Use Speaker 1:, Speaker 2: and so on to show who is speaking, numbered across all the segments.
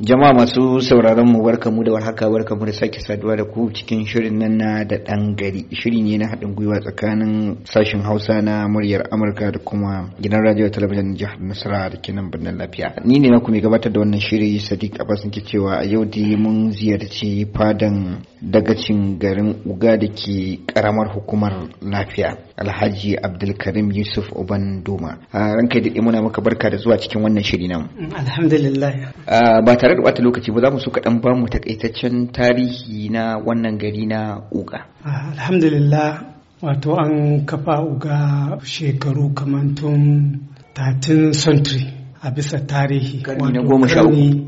Speaker 1: jama'a masu sauraron mu barka mu da warhaka barka mu da sake saduwa da ku cikin shirin nan na da dan gari shiri ne na haɗin gwiwa tsakanin sashen hausa na muryar amurka da kuma gidan radio talabijin jihar nasara da ke nan lafiya ni ne na mai gabatar da wannan shiri sadiq abbas ke cewa a yau dai mun ziyarci fadan dagacin garin uga da ke karamar hukumar lafiya alhaji abdulkarim yusuf uban doma a ranka da muna maka barka da zuwa cikin wannan shiri nan
Speaker 2: mm, alhamdulillah
Speaker 1: ba tare da wata lokaci ba za mu so kaɗan ba mu takaitaccen tarihi na wannan gari na uga
Speaker 2: alhamdulillah wato an kafa uga shekaru kamar tun 13 century a bisa tarihi karni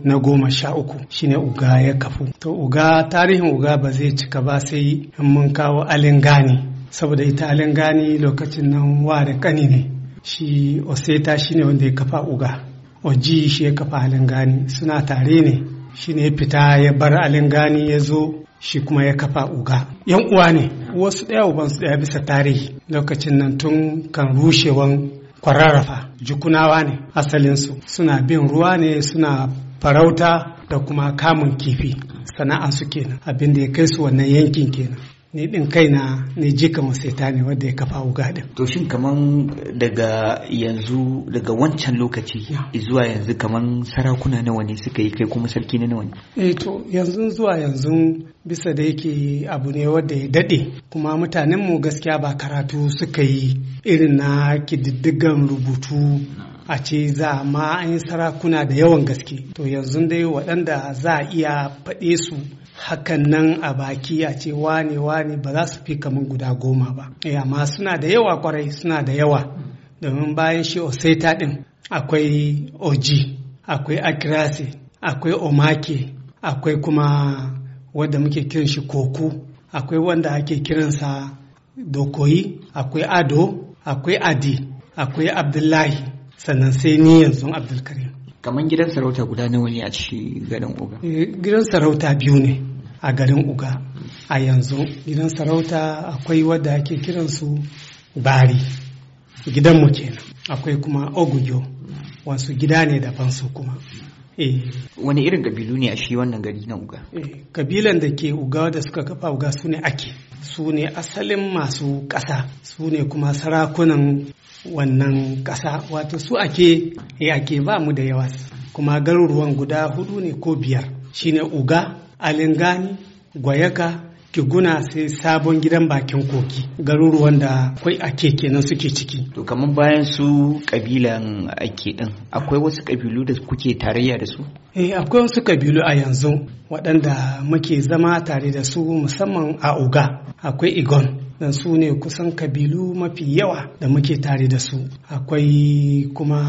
Speaker 2: na goma sha uku Shi ne uga ya kafu to uga tarihin uga ba zai cika ba sai in mun kawo alin alingani saboda ita alin alingani lokacin nan wa da kani ne shi oseta ne wanda ya kafa uga oji shi ya kafa alin alingani suna tare ne shine ya fita ya bar alingani ya zo shi kuma ya kafa uga yan uwa ne wasu ɗaya uban su ɗaya bisa tarihi lokacin nan tun kan rushewan kwararrafa jukunawa ne asalinsu suna bin ruwa ne suna farauta da kuma kamun kifi sana'a su kenan abin da ya kai su wannan yankin kenan ni din kaina ne jikan waseta ne wanda ya kafa wuga din
Speaker 1: to shin kaman daga yanzu daga wancan lokaci zuwa yanzu kaman sarakuna nawa ne suka yi kai kuma sarki na nawa ne
Speaker 2: eh to yanzu zuwa yanzu bisa da yake abu ne wanda ya dade kuma mutanen mu gaskiya ba karatu suka yi irin na kididdigan rubutu a ce za ma an yi sarakuna da yawan gaske to yanzu dai waɗanda za a iya faɗe su hakan nan a baki a ce wane wane ba za su fi kamar guda goma ba eh, amma suna da yawa kwarai suna da yawa domin bayan shi oseta ɗin akwai oji akwai akirasi akwai omake akwai kuma wanda muke kiran shi koku akwai wanda ake kiransa dokoyi akwai ado akwai adi akwai
Speaker 1: abdullahi sannan sai ni yanzu abdulkarim kamar gidan sarauta guda nawa ne a cikin garin uga
Speaker 2: eh, gidan sarauta biyu ne a garin uga a yanzu gidan sarauta akwai wadda ake kiransu bari gidan mu kenan akwai kuma ogugyo wasu gida ne daban su kuma
Speaker 1: eh. wani irin kabilu ne a shi wannan gari na uga
Speaker 2: eh, kabilan da ke uga da suka kafa uga su ne ake su ne asalin masu ƙasa su ne kuma sarakunan wannan ƙasa wato su ake yake eh, ba mu da yawa kuma garuruwan guda hudu ne ko biyar shine uga alingani gwayaka kiguna sai
Speaker 1: sabon gidan bakin koki garuruwan da akwai ake kenan suke ciki to kamar bayan su kabilan ake din akwai wasu kabilu da kuke tarayya da su
Speaker 2: eh akwai wasu kabilu a yanzu waɗanda muke zama tare da su musamman a uga akwai igon dan su ne kusan kabilu mafi yawa da muke tare da su akwai kuma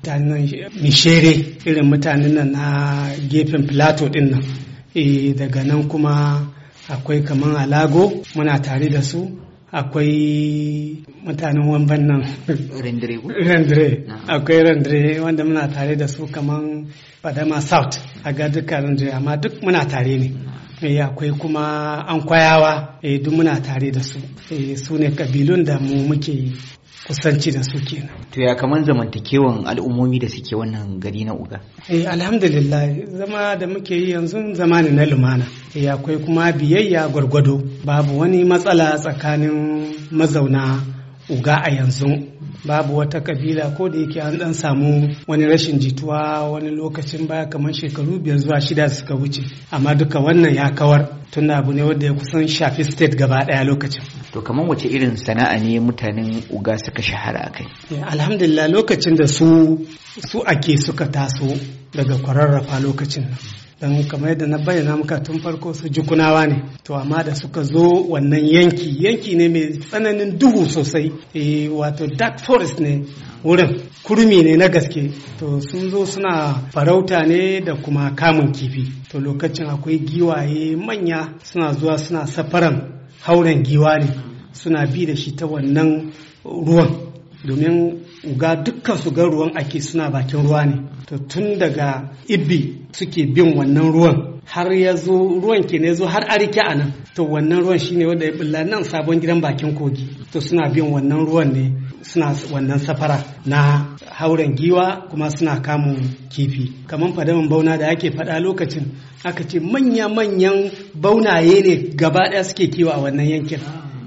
Speaker 2: mutanen mishere irin mutanen nan na gefen plateau din nan e daga nan kuma akwai kaman alago muna tare da su akwai mutanen wamban nan rendere akwai rendere wanda muna tare da su kaman fadama south a ga dukkan rendire amma duk muna tare ne eh akwai kuma an kwayawa eh duk muna tare da su eh su ne kabilun da mu muke kusanci da su kenan.
Speaker 1: To ya kamar zamantakewan al'ummomi da suke wannan gari na Uga?
Speaker 2: Eh alhamdulillah zama da muke yi yanzu zama ne na lumana. Eh akwai kuma biyayya gwargwado babu wani matsala tsakanin mazauna Uga a yanzu babu wata kabila ko da yake an dan samu wani rashin jituwa wani lokacin baya kamar shekaru biyar zuwa shida suka wuce amma duka wannan ya kawar tun abu ne wanda ya kusan shafi state
Speaker 1: gaba daya lokacin to kamar wace irin sana'a ne mutanen uga suka shahara a kai
Speaker 2: alhamdulillah lokacin da su su ake suka taso daga kwararrafa lokacin nan. don kamar yadda na bayyana maka tun farko su jukunawa ne to amma da suka zo wannan yanki yanki ne mai tsananin duhu sosai e, wato dark forest ne wurin kurmi ne na gaske to sun zo suna farauta ne da kuma kamun kifi to lokacin akwai giwaye manya suna zuwa suna safaran hauren giwa ne suna bi da shi ta wannan ruwan domin uga dukkan su ga ruwan ake suna bakin ruwa ne to tun daga ibi suke bin wannan ruwan har ya zo ruwan ke ne zo har arike a nan to wannan ruwan shine wanda ya bulla nan sabon gidan bakin kogi to suna bin wannan ruwan ne suna wannan safara na hauren giwa kuma suna kamun kifi kamar fadamin bauna da ake fada lokacin aka ce manya-manyan baunaye ne gaba ɗaya suke kiwo a wannan yankin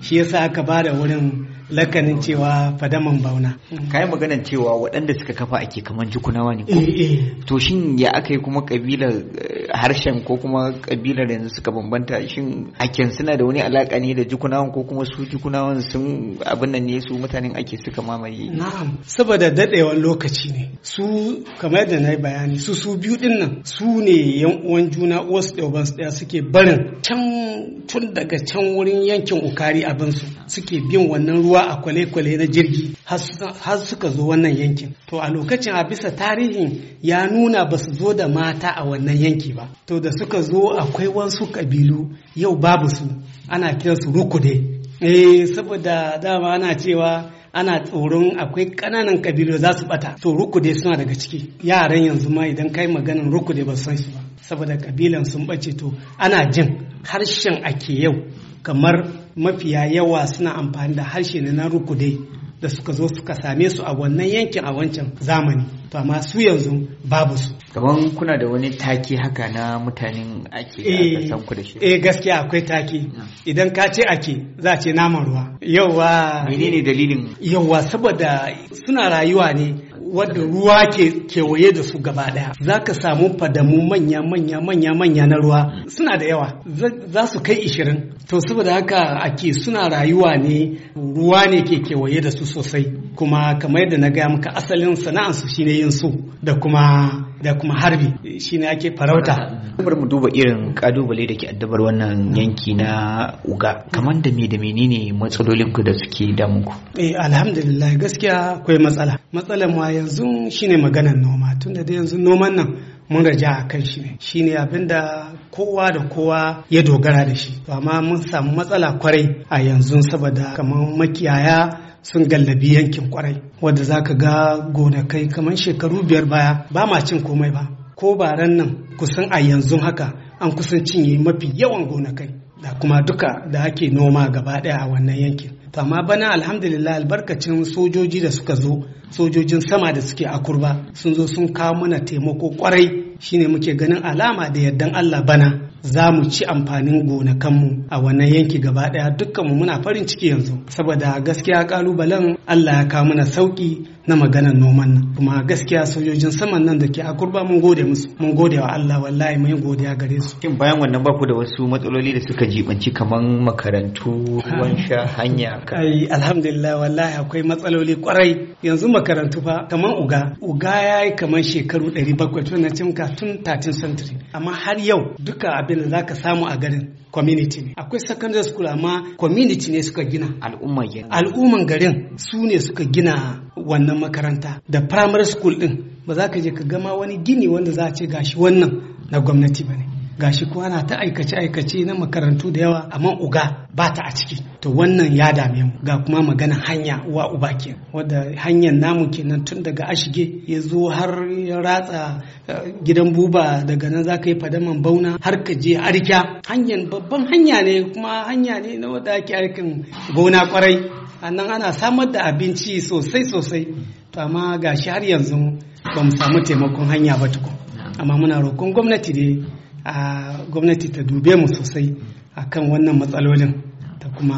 Speaker 2: shi yasa aka ba da wurin lakanin cewa fadaman bauna
Speaker 1: kayan maganan cewa waɗanda suka kafa ake kamar jukunawa ne eh, eh. to shin ya aka yi kuma kabilar eh, harshen ko kuma kabilar yanzu suka bambanta shin aken suna da wani alaka ne da jukunawan ko kuma su jukunawan sun abin nan ne su mutanen ake suka mamaye na'am
Speaker 2: saboda dadewan lokaci ne su kamar yadda na yi bayani su su biyu din nan su ne yan uwan juna wasu ɗaya su suke barin can tun daga can wurin yankin ukari su, suke bin wannan ruwa a kwale-kwale na jirgi har suka zo wannan yankin to a lokacin a bisa tarihin ya nuna ba su zo da mata a wannan yanki ba to da suka zo akwai wasu kabilu yau babu su ana kiransu rukude eh saboda dama ana cewa ana tsoron akwai ƙananan kabilu za su bata to rukude suna daga ciki yaran yanzu ma idan kai maganin rukude ba san shi ba saboda kabilan sun bace to ana jin harshen ake yau kamar mafiya yawa suna amfani da harshe na rukude da suka zo suka same su a wannan yankin a wancan zamani to amma su yanzu babu su kaman kuna da wani taki
Speaker 1: haka na mutanen ake eh, san ku da shi
Speaker 2: eh gaskiya akwai taki hmm. idan ka ce ake za ce naman ruwa yauwa menene dalilin yauwa saboda suna rayuwa ne wadda ruwa ke kewaye da su gaba daya za ka samu fadamu manya manya manya manya na ruwa suna da yawa za su kai ishirin to saboda haka ake suna rayuwa ne ruwa ne ke kewaye da su sosai kuma kamar yadda na gaya maka asalin sana'ansu shine yin su da kuma da kuma harbi shine ake farauta
Speaker 1: bari mu duba irin kadubale da ke addabar wannan yanki na uga kamar da me da menene matsalolin ku da suke damu ku
Speaker 2: eh alhamdulillah gaskiya akwai matsala matsalar ma yanzu shine maganar noma tunda da yanzu noman nan mun raja a kan shi ne abin da kowa da kowa ya dogara da shi to amma mun samu matsala kwarai a yanzu saboda kamar makiyaya sun gallabi yankin kwarai wadda za ka ga gonakai kamar shekaru biyar baya ba ma cin komai ba ko ba baran nan kusan a yanzu haka an kusan cinye mafi yawan gonakai da kuma duka da ake noma gaba daya a wannan yankin to amma bana alhamdulillah albarkacin sojoji da suka zo sojojin sama da suke a kurba sun zo sun kawo mana taimako kwarai shine muke ganin alama da yardan Allah bana za mu ci amfanin gonakanmu a wannan yanki gaba daya dukkanmu muna farin ciki yanzu saboda gaskiya kalubalen Allah ya kawo mana sauki na maganar noman nan kuma gaskiya sojojin saman nan da ke a kurba mun gode musu mun gode wa Allah wallahi mun godiya gare su
Speaker 1: kin bayan wannan ba ku da wasu matsaloli da suka jibanci kaman makarantu ruwan ah. sha hanya
Speaker 2: kai alhamdulillah wallahi akwai matsaloli kwarai yanzu makarantu fa kaman uga uga yayi kamar shekaru 700 tun na ka tun 13 century amma har yau duka abin da zaka samu a garin community ne akwai secondary school amma community ne suka gina al'umma al'umman garin su ne suka gina wannan makaranta da primary school din ba za ka je ka gama wani gini wanda za a ce gashi wannan na gwamnati ba ne gashi kuwa na ta aikace aikace na makarantu da yawa amma uga ba ta a ciki to wannan ya dame mu ga kuma magana hanya wa uba ke wadda hanyar namu kenan tun daga ashige ya zo har ya ratsa eh, gidan buba daga nan zaka yi fadaman bauna har ka je arka hanyar babban hanya ne kuma hanya ne na wadda ake aikin gona kwarai nan ana samar da abinci sosai sosai to amma gashi har yanzu ba mu samu taimakon hanya ba tukun amma muna roƙon gwamnati ne gwamnati ta dube mu sosai akan wannan matsalolin ta kuma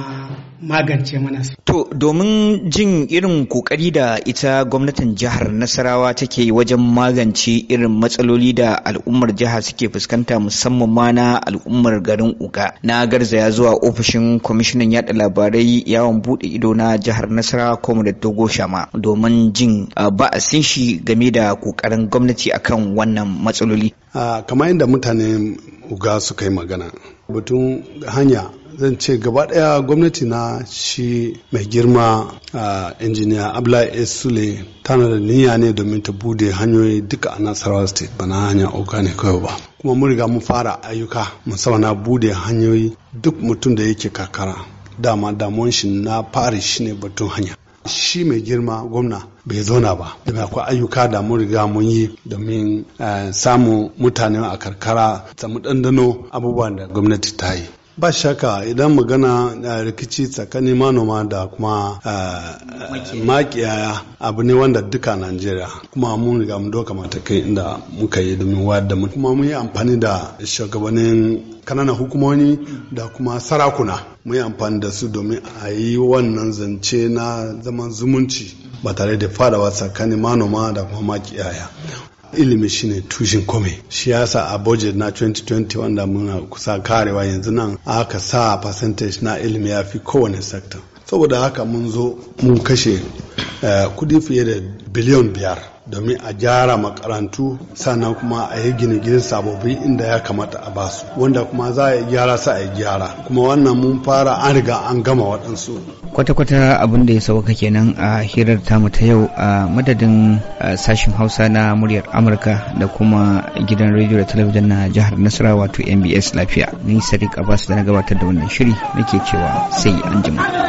Speaker 2: magance mana su.
Speaker 1: To domin jin irin kokari da ita gwamnatin jihar Nasarawa take wajen magance irin matsaloli da al'ummar jihar suke fuskanta musamman ma na al'ummar garin Uga. Na garzaya zuwa ofishin kwamishinan yada labarai yawon bude ido na jihar Nasarawa da Dogo Shama domin jin ba a sun shi game da kokarin gwamnati akan wannan matsaloli.
Speaker 3: Kamar yadda mutanen Uga suka yi magana. batun hanya zan ce gaba daya gwamnati na shi mai girma a injiniya abdullahi sule tana da niyya ne domin ta bude hanyoyi duka a nasarawa state ba na hanya oka ne kawai ba kuma mun riga mun fara ayyuka musamman na bude hanyoyi duk mutum da yake kakara dama damuwan shi na fari shine batun hanya shi mai girma gwamna bai zauna ba da akwai ayyuka da mun riga mun yi domin eh, samun mutane a karkara samu dandano abubuwan da gwamnati ta yi ba shaka idan magana rikici tsakanin manoma da kuma makiyaya abu ne wanda duka najeriya kuma mun riga mun doka matakai inda muka yi domin wayar da mu kuma mun yi amfani da shugabannin kananan hukumomi da kuma sarakuna mun yi amfani da su domin a yi wannan zance na zaman zumunci ba tare da fadawa tsakanin manoma da kuma makiyaya ilimi shine tushen kome shi yasa a budget na 2020 wanda muna kusa karewa yanzu nan aka sa percentage na ilimi ya fi kowane sector saboda haka mun zo mun kashe eh, kudi fiye da biliyon biyar domin a gyara makarantu sannan kuma a yi gine-gine sababbi inda ya kamata a basu wanda kuma za a gyara sa a gyara kuma wannan mun fara an riga an gama waɗansu
Speaker 1: kwata-kwata abin da ya sauka kenan a hirar tamu ta yau a madadin sashen hausa na muryar amurka da kuma gidan rediyo da talabijin na jihar nasara wato mbs lafiya ni sadiq abbas da na gabatar da wannan shiri nake cewa sai an jima.